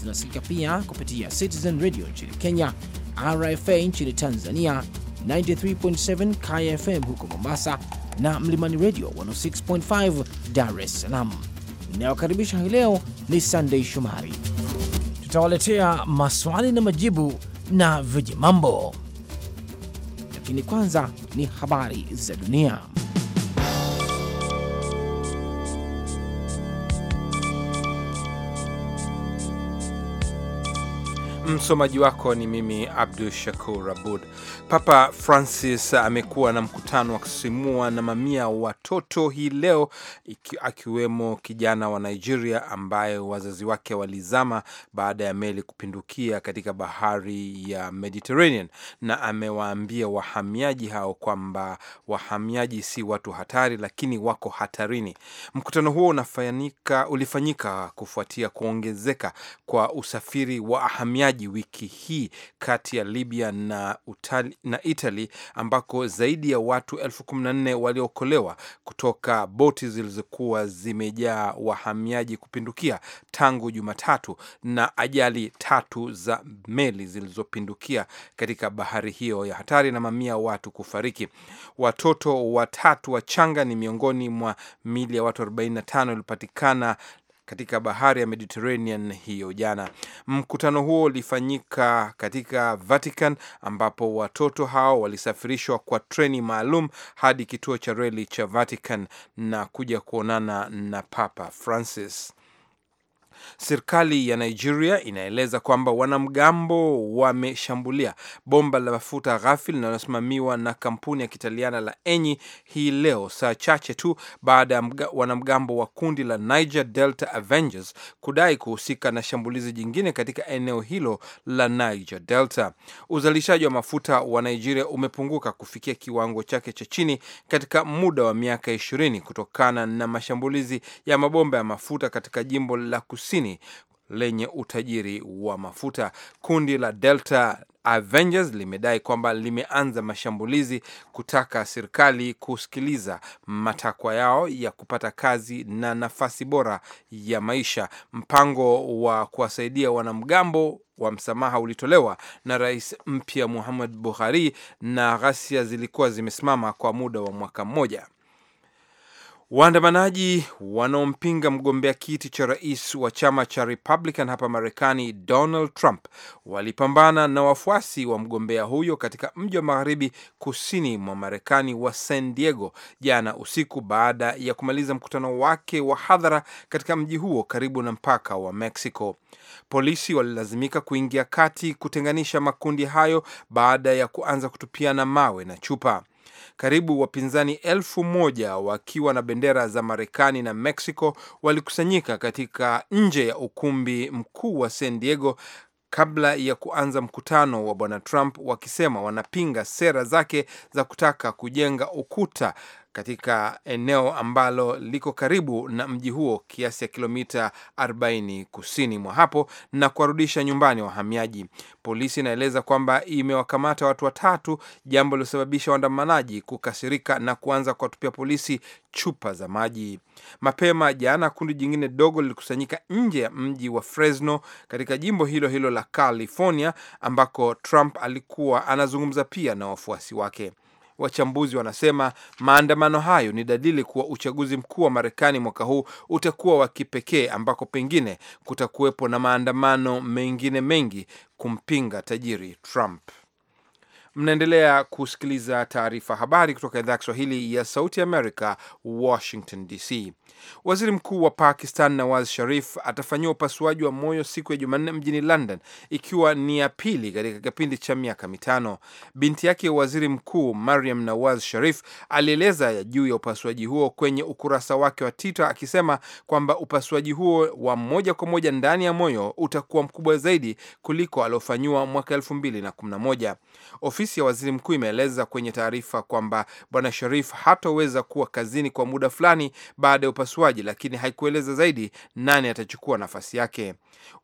zinasikika pia kupitia Citizen Radio nchini Kenya, RFA nchini Tanzania, 93.7 KFM huko Mombasa na Mlimani Radio 106.5 Dar es Salaam. Inayokaribisha hii leo ni Sunday Shumari. Tutawaletea maswali na majibu na vijimambo, lakini kwanza ni habari za dunia. Msomaji wako ni mimi Abdu Shakur Abud. Papa Francis amekuwa na mkutano wa kusisimua na mamia watoto hii leo, akiwemo kijana wa Nigeria ambaye wazazi wake walizama baada ya meli kupindukia katika bahari ya Mediterranean, na amewaambia wahamiaji hao kwamba wahamiaji si watu hatari, lakini wako hatarini. Mkutano huo unafanyika, ulifanyika kufuatia kuongezeka kwa usafiri wa wahamiaji mauaji wiki hii kati ya Libya na, Utali, na Italy ambako zaidi ya watu elfu kumi na nne waliokolewa kutoka boti zilizokuwa zimejaa wahamiaji kupindukia tangu Jumatatu na ajali tatu za meli zilizopindukia katika bahari hiyo ya hatari na mamia watu kufariki. Watoto watatu wachanga ni miongoni mwa mili ya watu 45 waliopatikana katika bahari ya Mediterranean hiyo jana. Mkutano huo ulifanyika katika Vatican ambapo watoto hao walisafirishwa kwa treni maalum hadi kituo cha reli cha Vatican na kuja kuonana na Papa Francis. Serikali ya Nigeria inaeleza kwamba wanamgambo wameshambulia bomba la mafuta ghafi linalosimamiwa na kampuni ya kitaliana la Enyi hii leo, saa chache tu baada ya wanamgambo wa kundi la Niger Delta Avengers kudai kuhusika na shambulizi jingine katika eneo hilo la Niger Delta. Uzalishaji wa mafuta wa Nigeria umepunguka kufikia kiwango chake cha chini katika muda wa miaka ishirini kutokana na mashambulizi ya mabomba ya mafuta katika jimbo la kus kusini lenye utajiri wa mafuta. Kundi la Delta Avengers limedai kwamba limeanza mashambulizi kutaka serikali kusikiliza matakwa yao ya kupata kazi na nafasi bora ya maisha. Mpango wa kuwasaidia wanamgambo wa msamaha ulitolewa na rais mpya Muhammad Buhari, na ghasia zilikuwa zimesimama kwa muda wa mwaka mmoja. Waandamanaji wanaompinga mgombea kiti cha rais wa chama cha Republican hapa Marekani, Donald Trump, walipambana na wafuasi wa mgombea huyo katika mji wa magharibi kusini mwa Marekani wa San Diego jana usiku, baada ya kumaliza mkutano wake wa hadhara katika mji huo karibu na mpaka wa Mexico. Polisi walilazimika kuingia kati kutenganisha makundi hayo baada ya kuanza kutupiana mawe na chupa. Karibu wapinzani elfu moja wakiwa na bendera za Marekani na Mexico walikusanyika katika nje ya ukumbi mkuu wa San Diego kabla ya kuanza mkutano wa bwana Trump wakisema wanapinga sera zake za kutaka kujenga ukuta katika eneo ambalo liko karibu na mji huo kiasi ya kilomita 40 kusini mwa hapo na kuwarudisha nyumbani wahamiaji. Polisi inaeleza kwamba imewakamata watu watatu, jambo lilosababisha waandamanaji kukasirika na kuanza kuwatupia polisi chupa za maji. Mapema jana, kundi jingine dogo lilikusanyika nje ya mji wa Fresno katika jimbo hilo hilo la California ambako Trump alikuwa anazungumza pia na wafuasi wake. Wachambuzi wanasema maandamano hayo ni dalili kuwa uchaguzi mkuu wa Marekani mwaka huu utakuwa wa kipekee, ambako pengine kutakuwepo na maandamano mengine mengi kumpinga tajiri Trump. Mnaendelea kusikiliza taarifa habari kutoka idhaa ya Kiswahili ya Sauti Amerika, Washington DC. Waziri Mkuu wa Pakistan Nawaz Sharif atafanyiwa upasuaji wa moyo siku ya Jumanne mjini London, ikiwa ni ya pili katika kipindi cha miaka mitano. Binti yake waziri mkuu Mariam Nawaz Sharif alieleza juu ya upasuaji huo kwenye ukurasa wake wa Twitter akisema kwamba upasuaji huo wa moja kwa moja ndani ya moyo utakuwa mkubwa zaidi kuliko aliofanyiwa mwaka 2011. Ofisi Ofisi ya waziri mkuu imeeleza kwenye taarifa kwamba bwana Sharif hatoweza kuwa kazini kwa muda fulani baada ya upasuaji, lakini haikueleza zaidi nani atachukua nafasi yake.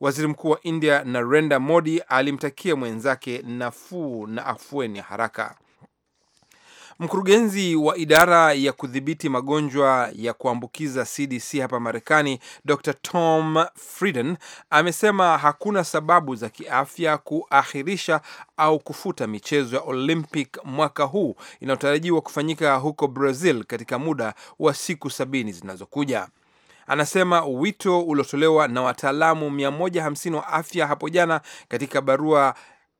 Waziri mkuu wa India Narendra Modi alimtakia mwenzake nafuu na afueni haraka. Mkurugenzi wa idara ya kudhibiti magonjwa ya kuambukiza CDC hapa Marekani, Dr Tom Frieden amesema hakuna sababu za kiafya kuahirisha au kufuta michezo ya Olympic mwaka huu inayotarajiwa kufanyika huko Brazil katika muda wa siku sabini zinazokuja. Anasema wito uliotolewa na wataalamu 150 wa afya hapo jana katika barua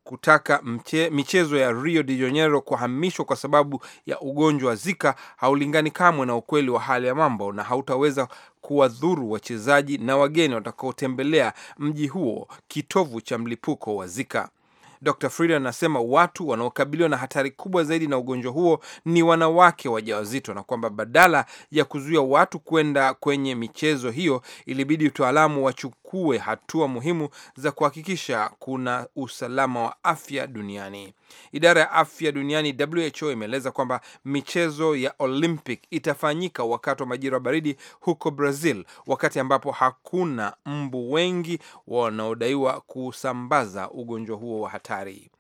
kutaka mche, michezo ya Rio de Janeiro kuhamishwa kwa sababu ya ugonjwa wa Zika haulingani kamwe na ukweli wa hali ya mambo na hautaweza kuwadhuru wachezaji na wageni watakaotembelea mji huo, kitovu cha mlipuko wa Zika. Dr. Frieden anasema watu wanaokabiliwa na hatari kubwa zaidi na ugonjwa huo ni wanawake wajawazito, na kwamba badala ya kuzuia watu kwenda kwenye michezo hiyo, ilibidi utaalamu ichukue hatua muhimu za kuhakikisha kuna usalama wa afya duniani. Idara ya afya duniani WHO imeeleza kwamba michezo ya Olympic itafanyika wakati wa majira wa baridi huko Brazil, wakati ambapo hakuna mbu wengi wanaodaiwa kusambaza ugonjwa huo wa hatari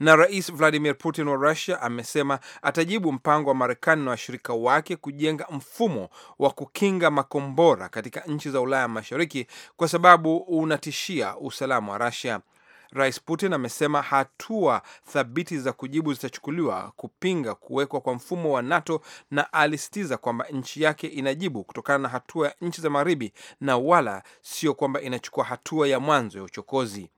na Rais Vladimir Putin wa Russia amesema atajibu mpango wa Marekani na washirika wake kujenga mfumo wa kukinga makombora katika nchi za Ulaya Mashariki kwa sababu unatishia usalama wa Russia. Rais Putin amesema hatua thabiti za kujibu zitachukuliwa kupinga kuwekwa kwa mfumo wa NATO na alisitiza kwamba nchi yake inajibu kutokana na hatua ya nchi za magharibi na wala sio kwamba inachukua hatua ya mwanzo ya uchokozi.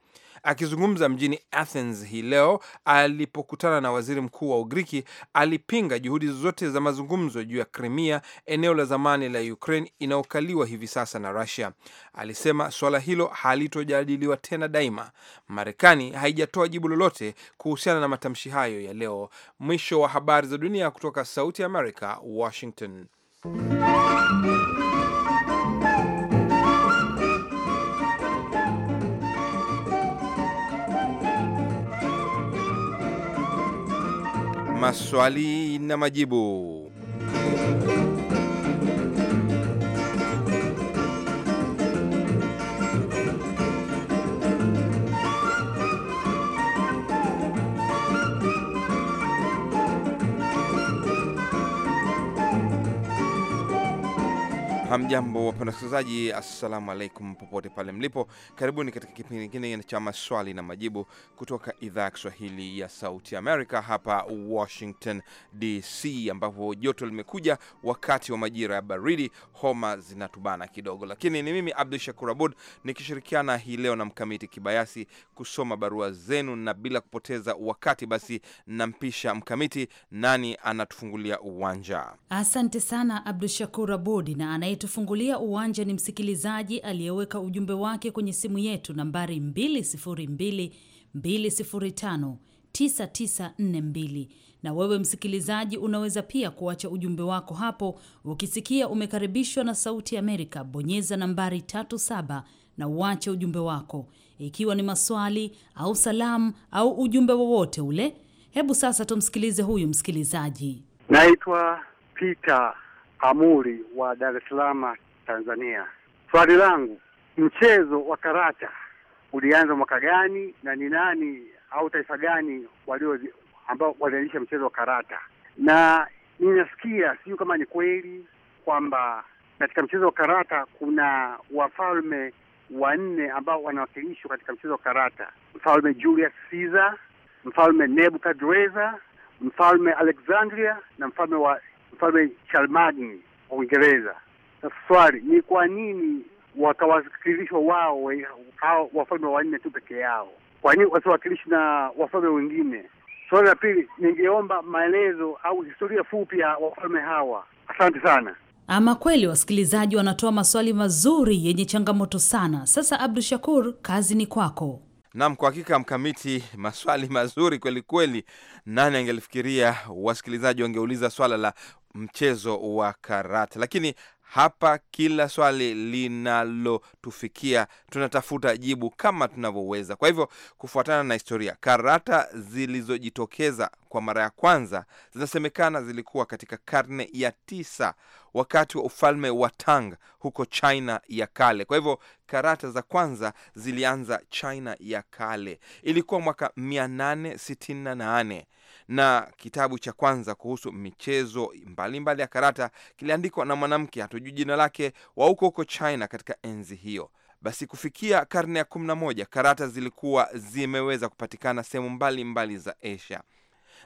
Akizungumza mjini Athens hii leo alipokutana na waziri mkuu wa Ugiriki, alipinga juhudi zote za mazungumzo juu ya krimia eneo la zamani la Ukraine inayokaliwa hivi sasa na Russia. Alisema suala hilo halitojadiliwa tena daima. Marekani haijatoa jibu lolote kuhusiana na matamshi hayo ya leo. Mwisho wa habari za dunia kutoka Sauti ya Amerika, Washington. maswali na majibu. Hamjambo, wapenda wasikilizaji, assalamu alaikum popote pale mlipo. Karibuni katika kipindi kingine cha maswali na majibu kutoka idhaa ya Kiswahili ya Sauti Amerika hapa Washington DC, ambapo joto limekuja wakati wa majira ya baridi, homa zinatubana kidogo, lakini ni mimi Abdu Shakur Abud nikishirikiana hii leo na Mkamiti Kibayasi kusoma barua zenu, na bila kupoteza wakati, basi nampisha Mkamiti, nani anatufungulia uwanja. Asante sana Abdu Shakur Abud na anaitwa anayetufungulia uwanja ni msikilizaji aliyeweka ujumbe wake kwenye simu yetu nambari 202 Na wewe msikilizaji, unaweza pia kuacha ujumbe wako hapo. Ukisikia umekaribishwa na Sauti Amerika, bonyeza nambari 37 na uache ujumbe wako, ikiwa ni maswali au salamu au ujumbe wowote ule. Hebu sasa tumsikilize huyu msikilizaji. Naitwa Peter Amuri wa Dar es Salaam, Tanzania. Swali langu, mchezo wa karata ulianza mwaka gani na ni nani au taifa gani walio ambao walianzisha mchezo wa karata? Na ninasikia sio kama ni kweli kwamba katika mchezo wa karata kuna wafalme wanne ambao wanawakilishwa katika mchezo wa karata: mfalme Julius Caesar, mfalme Nebukadreza, mfalme Alexandria na mfalme wa Mfalme Charlemagne wa Uingereza. Sasa swali ni kwa nini wakawakilishwa wao hao wafalme wanne tu peke yao? Kwa nini wasiwakilishi na wafalme wengine? Swali la pili, ningeomba maelezo au historia fupi ya wafalme hawa. Asante sana. Ama kweli wasikilizaji wanatoa maswali mazuri yenye changamoto sana. Sasa Abdu Shakur, kazi ni kwako. Nam, kwa hakika Mkamiti, maswali mazuri kweli kweli. Nani angelifikiria wasikilizaji wangeuliza swala la mchezo wa karate. Lakini hapa kila swali linalotufikia tunatafuta jibu kama tunavyoweza. Kwa hivyo, kufuatana na historia, karata zilizojitokeza kwa mara ya kwanza zinasemekana zilikuwa katika karne ya tisa wakati wa ufalme wa Tang huko China ya kale. Kwa hivyo karata za kwanza zilianza China ya kale, ilikuwa mwaka 868 na kitabu cha kwanza kuhusu michezo mbalimbali mbali ya karata kiliandikwa na mwanamke, hatujui jina lake, wa huko huko China katika enzi hiyo. Basi kufikia karne ya 11 karata zilikuwa zimeweza kupatikana sehemu mbalimbali za Asia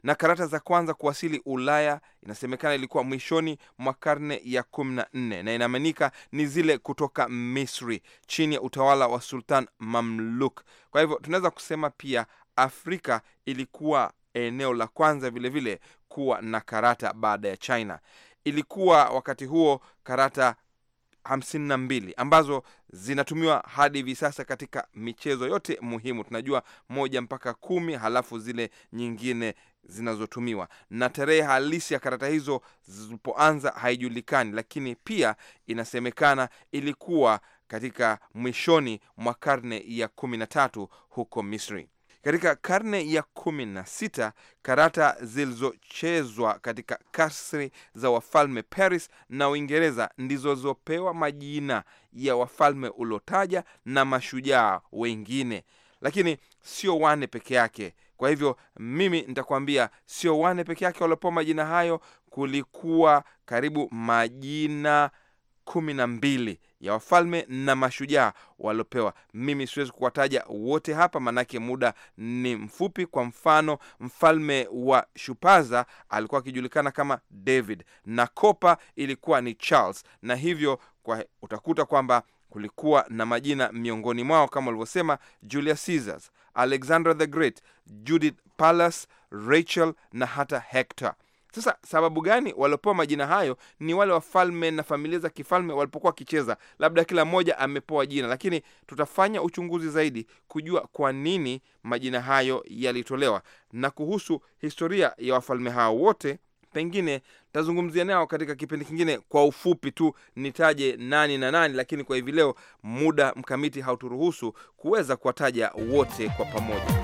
na karata za kwanza kuwasili Ulaya inasemekana ilikuwa mwishoni mwa karne ya kumi na nne na inaaminika ni zile kutoka Misri chini ya utawala wa Sultan Mamluk. Kwa hivyo tunaweza kusema pia Afrika ilikuwa eneo la kwanza vilevile vile kuwa na karata baada ya China. Ilikuwa wakati huo karata 52 ambazo zinatumiwa hadi hivi sasa katika michezo yote muhimu. Tunajua moja mpaka kumi, halafu zile nyingine zinazotumiwa na tarehe halisi ya karata hizo zilipoanza haijulikani, lakini pia inasemekana ilikuwa katika mwishoni mwa karne ya kumi na tatu huko Misri. Katika karne ya kumi na sita karata zilizochezwa katika kasri za wafalme Paris na Uingereza ndizo majina ya wafalme uliotaja na mashujaa wengine, lakini sio wane peke yake. Kwa hivyo mimi nitakuambia sio wane peke yake waliopewa majina hayo. Kulikuwa karibu majina kumi na mbili ya wafalme na mashujaa waliopewa. Mimi siwezi kuwataja wote hapa, maanake muda ni mfupi. Kwa mfano, mfalme wa Shupaza alikuwa akijulikana kama David na Kopa ilikuwa ni Charles, na hivyo kwa utakuta kwamba kulikuwa na majina miongoni mwao kama walivyosema Julius Caesars, Alexander the Great, Judith palas Rachel na hata Hector. Sasa sababu gani waliopewa majina hayo? Ni wale wafalme na familia za kifalme walipokuwa wakicheza, labda kila mmoja amepewa jina, lakini tutafanya uchunguzi zaidi kujua kwa nini majina hayo yalitolewa na kuhusu historia ya wafalme hao wote pengine tazungumzia nao katika kipindi kingine. Kwa ufupi tu nitaje nani na nani, lakini kwa hivi leo muda mkamiti hauturuhusu kuweza kuwataja wote kwa pamoja.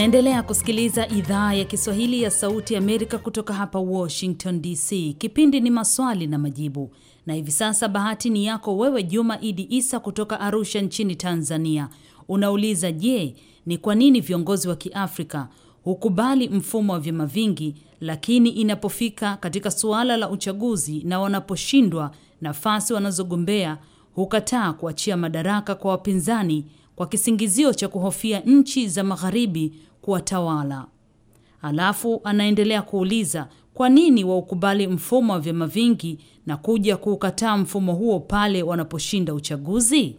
Unaendelea kusikiliza idhaa ya Kiswahili ya Sauti Amerika kutoka hapa Washington DC. Kipindi ni maswali na majibu, na hivi sasa bahati ni yako wewe, Juma Idi Isa kutoka Arusha nchini Tanzania. Unauliza, je, ni kwa nini viongozi wa Kiafrika hukubali mfumo wa vyama vingi, lakini inapofika katika suala la uchaguzi na wanaposhindwa nafasi wanazogombea hukataa kuachia madaraka kwa wapinzani kwa kisingizio cha kuhofia nchi za magharibi kuwatawala. Alafu anaendelea kuuliza kwa nini waukubali mfumo wa vyama vingi na kuja kuukataa mfumo huo pale wanaposhinda uchaguzi?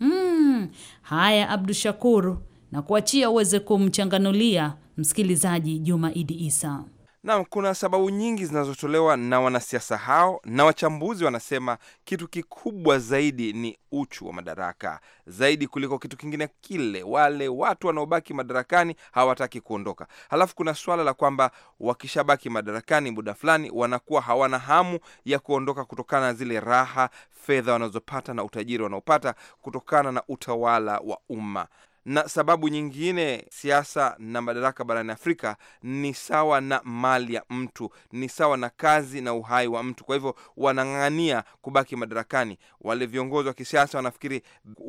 Mm, haya Abdu Shakur, na kuachia uweze kumchanganulia msikilizaji Juma Idi Isa. Naam, kuna sababu nyingi zinazotolewa na wanasiasa hao, na wachambuzi wanasema kitu kikubwa zaidi ni uchu wa madaraka zaidi kuliko kitu kingine kile. Wale watu wanaobaki madarakani hawataki kuondoka. Halafu kuna suala la kwamba wakishabaki madarakani muda fulani, wanakuwa hawana hamu ya kuondoka kutokana na zile raha, fedha wanazopata na utajiri wanaopata kutokana na utawala wa umma na sababu nyingine, siasa na madaraka barani Afrika ni sawa na mali ya mtu, ni sawa na kazi na uhai wa mtu. Kwa hivyo wanang'ang'ania kubaki madarakani. Wale viongozi wa kisiasa wanafikiri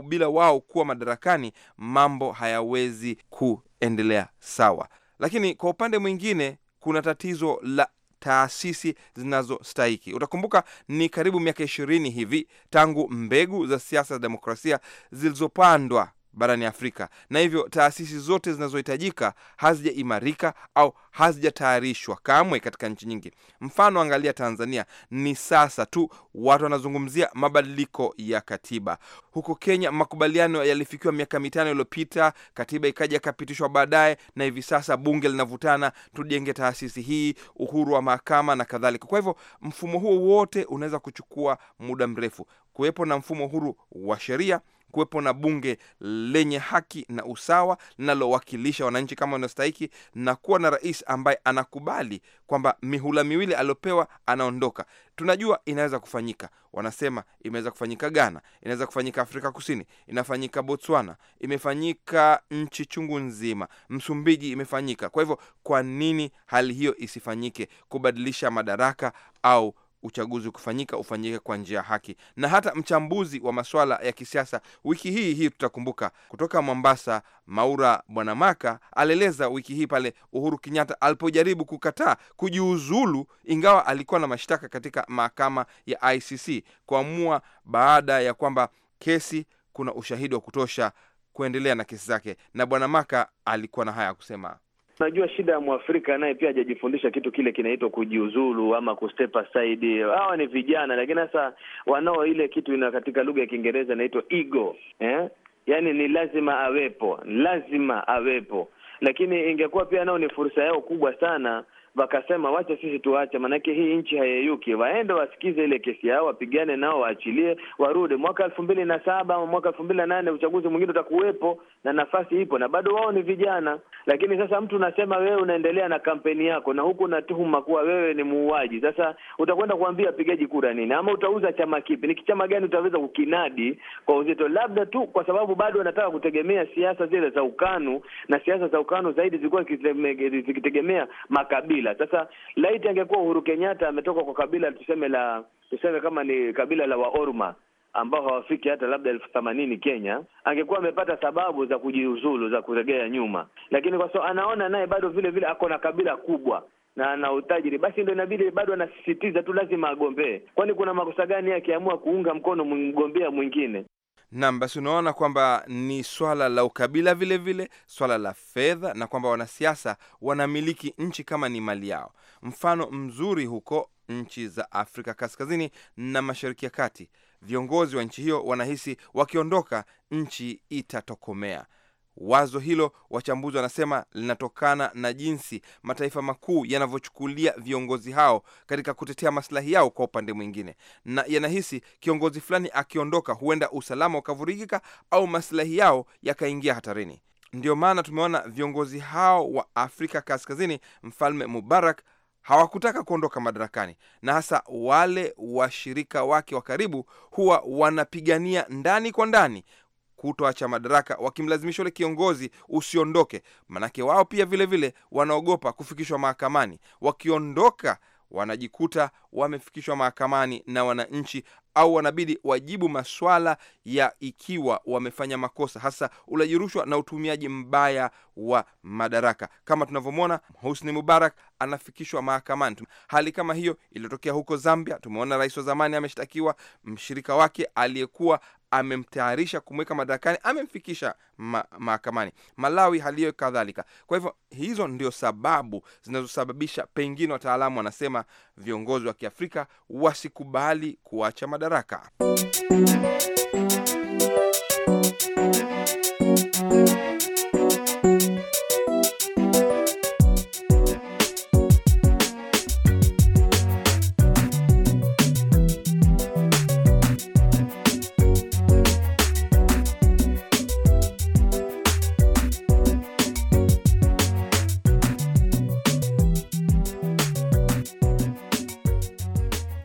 bila wao kuwa madarakani mambo hayawezi kuendelea sawa, lakini kwa upande mwingine kuna tatizo la taasisi zinazostahiki. Utakumbuka ni karibu miaka ishirini hivi tangu mbegu za siasa za demokrasia zilizopandwa barani Afrika, na hivyo taasisi zote zinazohitajika hazijaimarika au hazijatayarishwa kamwe katika nchi nyingi. Mfano, angalia Tanzania, ni sasa tu watu wanazungumzia mabadiliko ya katiba. Huko Kenya makubaliano yalifikiwa miaka mitano iliyopita, katiba ikaja ikapitishwa baadaye, na hivi sasa bunge linavutana, tujenge taasisi hii, uhuru wa mahakama na kadhalika. Kwa hivyo mfumo huo wote unaweza kuchukua muda mrefu. Kuwepo na mfumo huru wa sheria kuwepo na bunge lenye haki na usawa linalowakilisha wananchi kama wanaostahiki na kuwa na rais ambaye anakubali kwamba mihula miwili aliopewa anaondoka. Tunajua inaweza kufanyika, wanasema imeweza kufanyika Ghana, inaweza kufanyika Afrika Kusini, inafanyika Botswana, imefanyika nchi chungu nzima, Msumbiji imefanyika. Kwa hivyo, kwa nini hali hiyo isifanyike, kubadilisha madaraka au uchaguzi kufanyika ufanyike kwa njia ya haki. Na hata mchambuzi wa masuala ya kisiasa wiki hii hii, tutakumbuka kutoka Mombasa, Maura Bwanamaka alieleza wiki hii pale Uhuru Kenyatta alipojaribu kukataa kujiuzulu, ingawa alikuwa na mashtaka katika mahakama ya ICC kuamua baada ya kwamba kesi kuna ushahidi wa kutosha kuendelea na kesi zake, na bwanamaka alikuwa na haya ya kusema. Najua shida ya Mwafrika naye pia hajajifundisha kitu kile kinaitwa kujiuzulu ama kustep aside. Hawa ni vijana, lakini sasa wanao ile kitu ina katika lugha ya Kiingereza inaitwa ego eh? Yani ni lazima awepo, lazima awepo, lakini ingekuwa pia nao ni fursa yao kubwa sana wakasema wacha sisi tuache, maanake hii nchi hayeyuki. Waende wasikize ile kesi yao, wapigane nao, waachilie, warudi. Mwaka elfu mbili na saba ama mwaka elfu mbili na nane uchaguzi mwingine utakuwepo, na nafasi ipo, na bado wao ni vijana. Lakini sasa mtu unasema wewe unaendelea na kampeni yako, na huku unatuhuma kuwa wewe ni muuaji. Sasa utakwenda kuambia wapigaji kura nini? Ama utauza chama kipi? Ni chama gani utaweza kukinadi kwa uzito? Labda tu kwa sababu bado wanataka kutegemea siasa zile za ukanu, na siasa za ukanu zaidi zilikuwa zikitegemea makabila kabila. Sasa laiti angekuwa Uhuru Kenyatta ametoka kwa kabila tuseme la tuseme kama ni kabila la Waorma ambao hawafiki hata labda elfu themanini Kenya, angekuwa amepata sababu za kujiuzulu za kuregea nyuma, lakini kwa sababu anaona naye bado vile vile ako na kabila kubwa na ana utajiri, basi ndo inabidi bado anasisitiza tu lazima agombee. Kwani kuna makosa gani akiamua kuunga mkono mgombea mwingine? Nam, basi unaona kwamba ni swala la ukabila vilevile vile, swala la fedha na kwamba wanasiasa wanamiliki nchi kama ni mali yao. Mfano mzuri huko nchi za Afrika Kaskazini na Mashariki ya Kati, viongozi wa nchi hiyo wanahisi wakiondoka nchi itatokomea. Wazo hilo wachambuzi wanasema linatokana na jinsi mataifa makuu yanavyochukulia viongozi hao katika kutetea maslahi yao kwa upande mwingine, na yanahisi kiongozi fulani akiondoka, huenda usalama ukavurugika au maslahi yao yakaingia hatarini. ndio maana tumeona viongozi hao wa Afrika Kaskazini, Mfalme Mubarak hawakutaka kuondoka madarakani, na hasa wale washirika wake wa karibu huwa wanapigania ndani kwa ndani kutoacha madaraka, wakimlazimisha ule kiongozi usiondoke, manake wao pia vilevile vile wanaogopa kufikishwa mahakamani. Wakiondoka wanajikuta wamefikishwa mahakamani na wananchi au wanabidi wajibu maswala ya ikiwa wamefanya makosa, hasa ulaji rushwa na utumiaji mbaya wa madaraka. Kama tunavyomwona Husni Mubarak anafikishwa mahakamani. Hali kama hiyo iliyotokea huko Zambia, tumeona rais wa zamani ameshtakiwa, mshirika wake aliyekuwa amemtayarisha kumweka madarakani, amemfikisha mahakamani. Malawi haliyo kadhalika. Kwa hivyo hizo ndio sababu zinazosababisha, pengine wataalamu wanasema viongozi wa Kiafrika wasikubali kuacha madaraka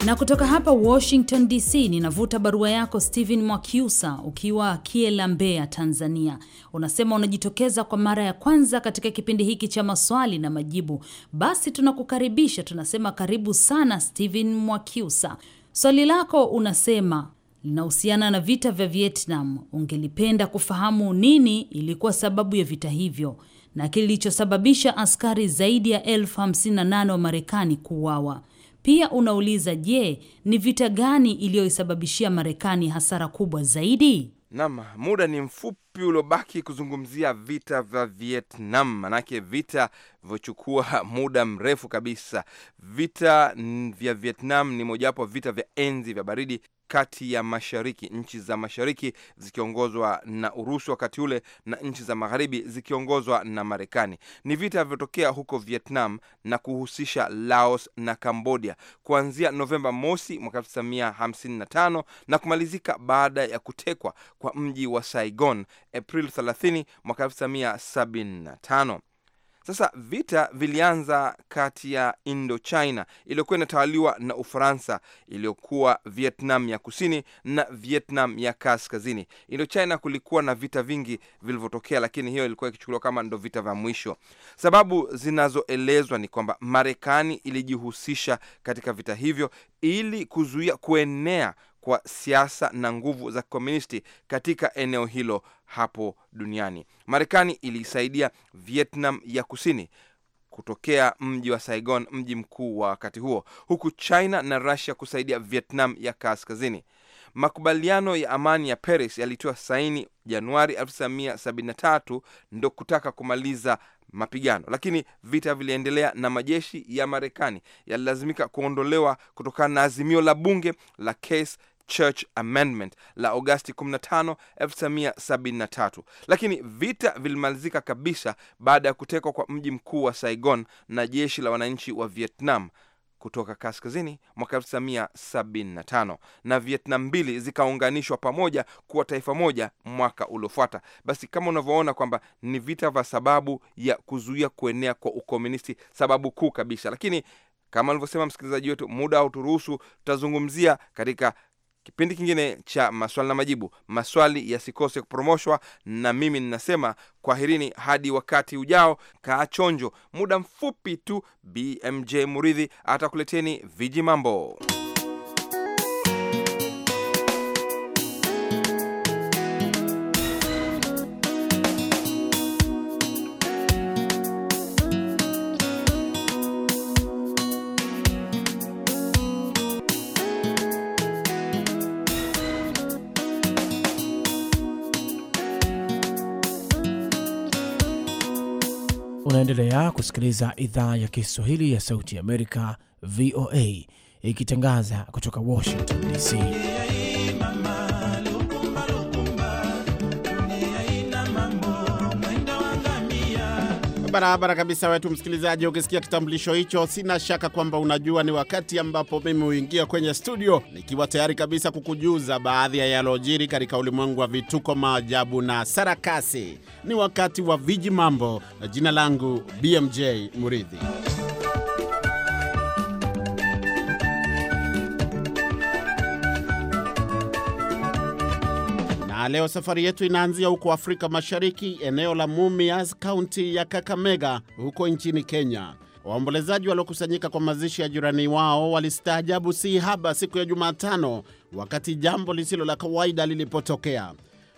Na kutoka hapa Washington DC ninavuta barua yako stephen Mwakiusa ukiwa Kiela, Mbeya, Tanzania. Unasema unajitokeza kwa mara ya kwanza katika kipindi hiki cha maswali na majibu. Basi tunakukaribisha, tunasema karibu sana stephen Mwakiusa. Swali lako unasema linahusiana na vita vya Vietnam. Ungelipenda kufahamu nini ilikuwa sababu ya vita hivyo na kilichosababisha askari zaidi ya elfu wa Marekani kuuawa. Pia unauliza je, ni vita gani iliyoisababishia Marekani hasara kubwa zaidi? nam muda ni mfupi uliobaki kuzungumzia vita vya Vietnam, manake vita vyochukua muda mrefu kabisa. Vita vya Vietnam ni mojawapo vita vya enzi vya baridi kati ya mashariki, nchi za mashariki zikiongozwa na Urusi wakati ule na nchi za magharibi zikiongozwa na Marekani. Ni vita vilivyotokea huko Vietnam na kuhusisha Laos na Kambodia kuanzia Novemba mosi mwaka 1955 na kumalizika baada ya kutekwa kwa mji wa Saigon April 30 mwaka 1975. Sasa vita vilianza kati ya Indochina iliyokuwa inatawaliwa na Ufaransa, iliyokuwa Vietnam ya kusini na Vietnam ya kaskazini. Indochina kulikuwa na vita vingi vilivyotokea, lakini hiyo ilikuwa ikichukuliwa kama ndo vita vya mwisho. Sababu zinazoelezwa ni kwamba Marekani ilijihusisha katika vita hivyo ili kuzuia kuenea kwa siasa na nguvu za komunisti katika eneo hilo hapo duniani. Marekani ilisaidia Vietnam ya Kusini kutokea mji wa Saigon, mji mkuu wa wakati huo, huku China na Russia kusaidia Vietnam ya Kaskazini. Makubaliano ya amani ya Paris yalitiwa saini Januari 1973 ndo kutaka kumaliza mapigano, lakini vita viliendelea na majeshi ya Marekani yalilazimika kuondolewa kutokana na azimio la bunge la Case Church Amendment la Agosti 15, 1973, lakini vita vilimalizika kabisa baada ya kutekwa kwa mji mkuu wa Saigon na jeshi la wananchi wa Vietnam kutoka kaskazini mwaka 1975 na Vietnam mbili zikaunganishwa pamoja kuwa taifa moja mwaka uliofuata. Basi kama unavyoona kwamba ni vita vya sababu ya kuzuia kuenea kwa ukomunisti, sababu kuu kabisa. Lakini kama alivyosema msikilizaji wetu, muda hauturuhusu, tutazungumzia katika Kipindi kingine cha maswali na majibu, maswali yasikose kupromoshwa, na mimi ninasema kwaherini hadi wakati ujao. Kaa chonjo, muda mfupi tu BMJ Muridhi atakuleteni viji mambo. kusikiliza idhaa ya Kiswahili ya Sauti ya Amerika, VOA, ikitangaza kutoka Washington DC. barabara kabisa wetu msikilizaji, ukisikia kitambulisho hicho, sina shaka kwamba unajua ni wakati ambapo mimi huingia kwenye studio nikiwa tayari kabisa kukujuza baadhi ya yalojiri katika ulimwengu wa vituko, maajabu na sarakasi. Ni wakati wa viji mambo. Jina langu BMJ Muridhi. leo safari yetu inaanzia huko Afrika Mashariki, eneo la Mumias, kaunti ya Kakamega, huko nchini Kenya. Waombolezaji waliokusanyika kwa mazishi ya jirani wao walistaajabu si haba siku ya Jumatano wakati jambo lisilo la kawaida lilipotokea.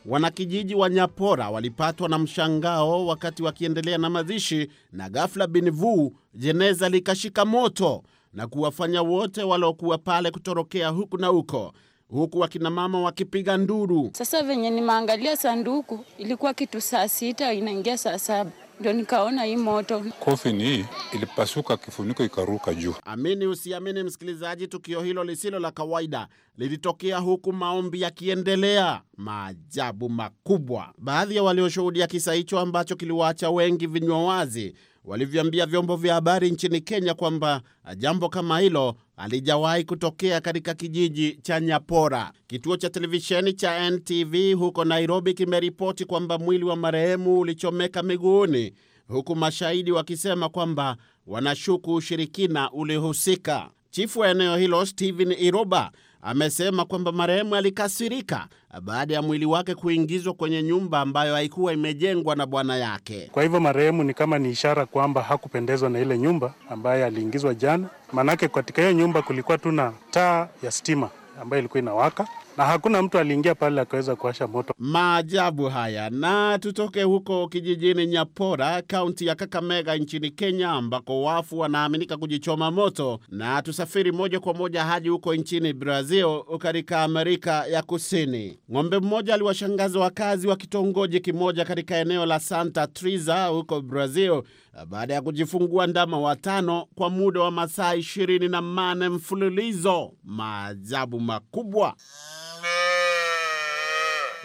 Wanakijiji wa Nyapora walipatwa na mshangao wakati wakiendelea na mazishi, na ghafla binvu jeneza likashika moto na kuwafanya wote waliokuwa pale kutorokea huku na huko huku wakinamama wakipiga nduru. Sasa venye nimeangalia sanduku ilikuwa kitu saa sita inaingia saa saba ndio nikaona hii moto. Kofini hii ilipasuka, kifuniko ikaruka juu. Amini usiamini, msikilizaji, tukio hilo lisilo la kawaida lilitokea huku maombi yakiendelea. Maajabu makubwa! Baadhi ya walioshuhudia kisa hicho ambacho kiliwaacha wengi vinywa wazi walivyoambia vyombo vya habari nchini Kenya kwamba ah, jambo kama hilo halijawahi kutokea katika kijiji cha Nyapora. Kituo cha televisheni cha NTV huko Nairobi kimeripoti kwamba mwili wa marehemu ulichomeka miguuni, huku mashahidi wakisema kwamba wanashuku ushirikina ulihusika. Chifu wa eneo hilo Stephen Iroba amesema kwamba marehemu alikasirika baada ya mwili wake kuingizwa kwenye nyumba ambayo haikuwa imejengwa na bwana yake. Kwa hivyo marehemu ni kama ni ishara kwamba hakupendezwa na ile nyumba ambayo aliingizwa jana, maanake katika hiyo nyumba kulikuwa tu na taa ya stima ambayo ilikuwa inawaka na hakuna mtu aliingia pale akaweza kuwasha moto. Maajabu haya. Na tutoke huko kijijini Nyapora, kaunti ya Kakamega nchini Kenya, ambako wafu wanaaminika kujichoma moto, na tusafiri moja kwa moja hadi huko nchini Brazil, katika Amerika ya Kusini. Ng'ombe mmoja aliwashangaza wakazi wa kitongoji kimoja katika eneo la Santa Triza huko Brazil baada ya kujifungua ndama watano kwa muda wa masaa ishirini na mane mfululizo. Maajabu makubwa.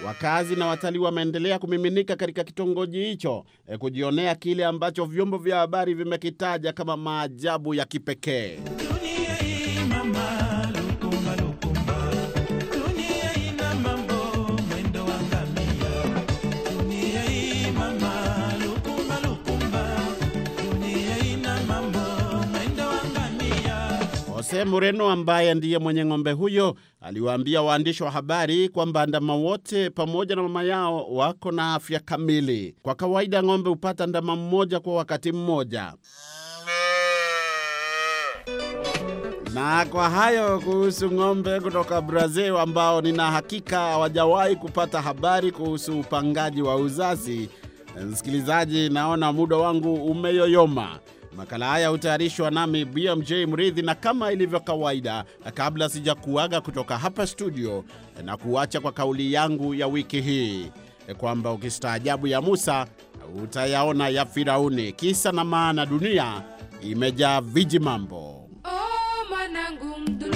Wakazi na watalii wameendelea kumiminika katika kitongoji hicho e, kujionea kile ambacho vyombo vya habari vimekitaja kama maajabu ya kipekee. Jose Moreno ambaye ndiye mwenye ng'ombe huyo aliwaambia waandishi wa habari kwamba ndama wote pamoja na mama yao wako na afya kamili. Kwa kawaida ng'ombe hupata ndama mmoja kwa wakati mmoja. Na kwa hayo kuhusu ng'ombe kutoka Brazil ambao nina hakika hawajawahi kupata habari kuhusu upangaji wa uzazi. Msikilizaji, naona muda wangu umeyoyoma. Makala haya hutayarishwa nami BMJ Mridhi, na kama ilivyo kawaida, kabla sijakuaga kutoka hapa studio, na kuacha kwa kauli yangu ya wiki hii kwamba ukistaajabu ya Musa utayaona ya Firauni. Kisa na maana, dunia imejaa viji mambo. Oh,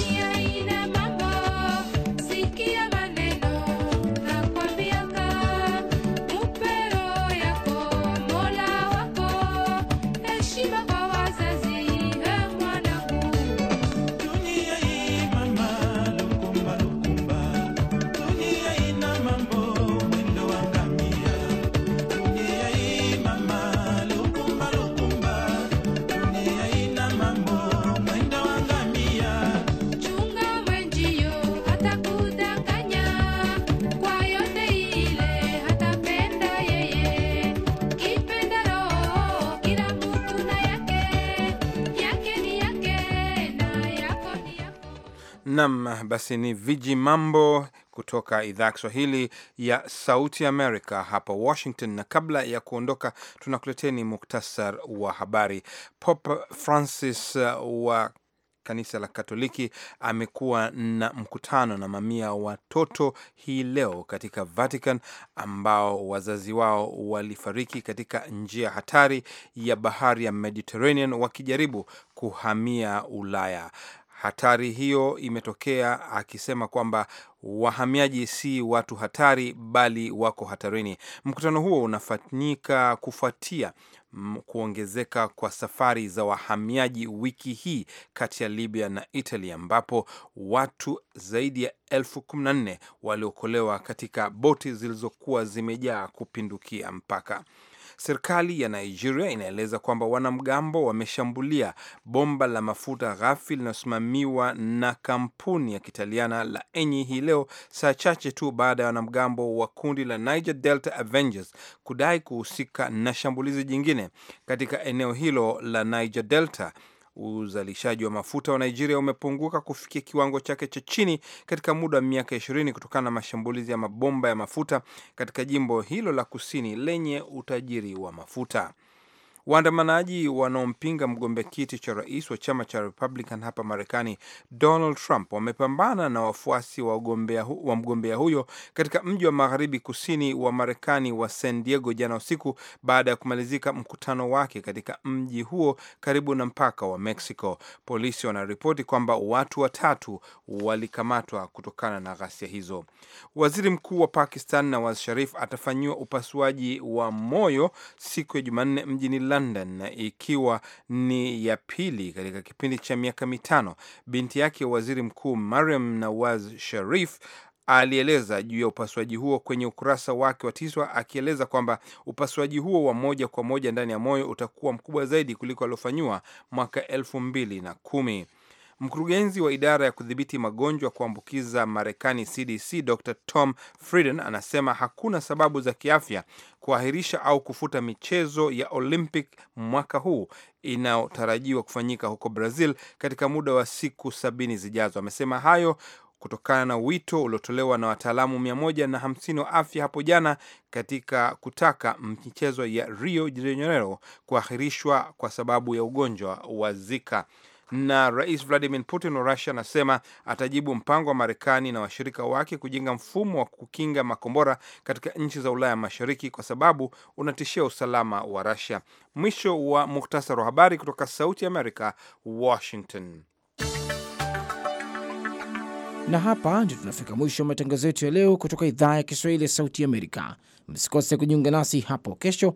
Nam basi, ni viji mambo kutoka idhaa ya Kiswahili ya Sauti Amerika hapa Washington, na kabla ya kuondoka, tunakuleteni muktasar wa habari. Pope Francis uh, wa kanisa la Katoliki amekuwa na mkutano na mamia watoto hii leo katika Vatican ambao wazazi wao walifariki katika njia hatari ya bahari ya Mediterranean wakijaribu kuhamia Ulaya hatari hiyo imetokea, akisema kwamba wahamiaji si watu hatari, bali wako hatarini. Mkutano huo unafanyika kufuatia mm, kuongezeka kwa safari za wahamiaji wiki hii kati ya Libya na Italy, ambapo watu zaidi ya elfu kumi na nne waliokolewa katika boti zilizokuwa zimejaa kupindukia mpaka Serikali ya Nigeria inaeleza kwamba wanamgambo wameshambulia bomba la mafuta ghafi linalosimamiwa na kampuni ya kitaliana la Enyi hii leo, saa chache tu baada ya wanamgambo wa kundi la Niger Delta Avengers kudai kuhusika na shambulizi jingine katika eneo hilo la Niger Delta uzalishaji wa mafuta wa Nigeria umepunguka kufikia kiwango chake cha chini katika muda wa miaka ishirini kutokana na mashambulizi ya mabomba ya mafuta katika jimbo hilo la kusini lenye utajiri wa mafuta. Waandamanaji wanaompinga mgombea kiti cha rais wa chama cha Republican hapa Marekani, Donald Trump, wamepambana na wafuasi wa mgombea wa huyo katika mji wa magharibi kusini wa Marekani wa San Diego jana usiku baada ya kumalizika mkutano wake katika mji huo karibu na mpaka wa Mexico. Polisi wanaripoti kwamba watu watatu walikamatwa kutokana na ghasia hizo. Waziri mkuu wa Pakistan Nawaz Sharif atafanyiwa upasuaji wa moyo siku ya Jumanne mjini London, ikiwa ni ya pili katika kipindi cha miaka mitano. Binti yake waziri mkuu Mariam Nawaz Sharif alieleza juu ya upasuaji huo kwenye ukurasa wake wa Twitter akieleza kwamba upasuaji huo wa moja kwa moja ndani ya moyo utakuwa mkubwa zaidi kuliko aliofanyiwa mwaka elfu mbili na kumi. Mkurugenzi wa idara ya kudhibiti magonjwa kuambukiza Marekani, CDC, Dr Tom Frieden anasema hakuna sababu za kiafya kuahirisha au kufuta michezo ya Olympic mwaka huu inayotarajiwa kufanyika huko Brazil katika muda wa siku sabini zijazo. Amesema hayo kutokana na wito uliotolewa na wataalamu mia moja na hamsini wa afya hapo jana katika kutaka michezo ya Rio de Janeiro kuahirishwa kwa sababu ya ugonjwa wa Zika na Rais Vladimir Putin wa Rusia anasema atajibu mpango wa Marekani na washirika wake kujenga mfumo wa kukinga makombora katika nchi za Ulaya Mashariki kwa sababu unatishia usalama wa Rusia. Mwisho wa muhtasari wa habari kutoka Sauti ya Amerika, Washington. Na hapa ndio tunafika mwisho wa matangazo yetu ya leo kutoka idhaa ya Kiswahili ya Sauti Amerika. Msikose kujiunga nasi hapo kesho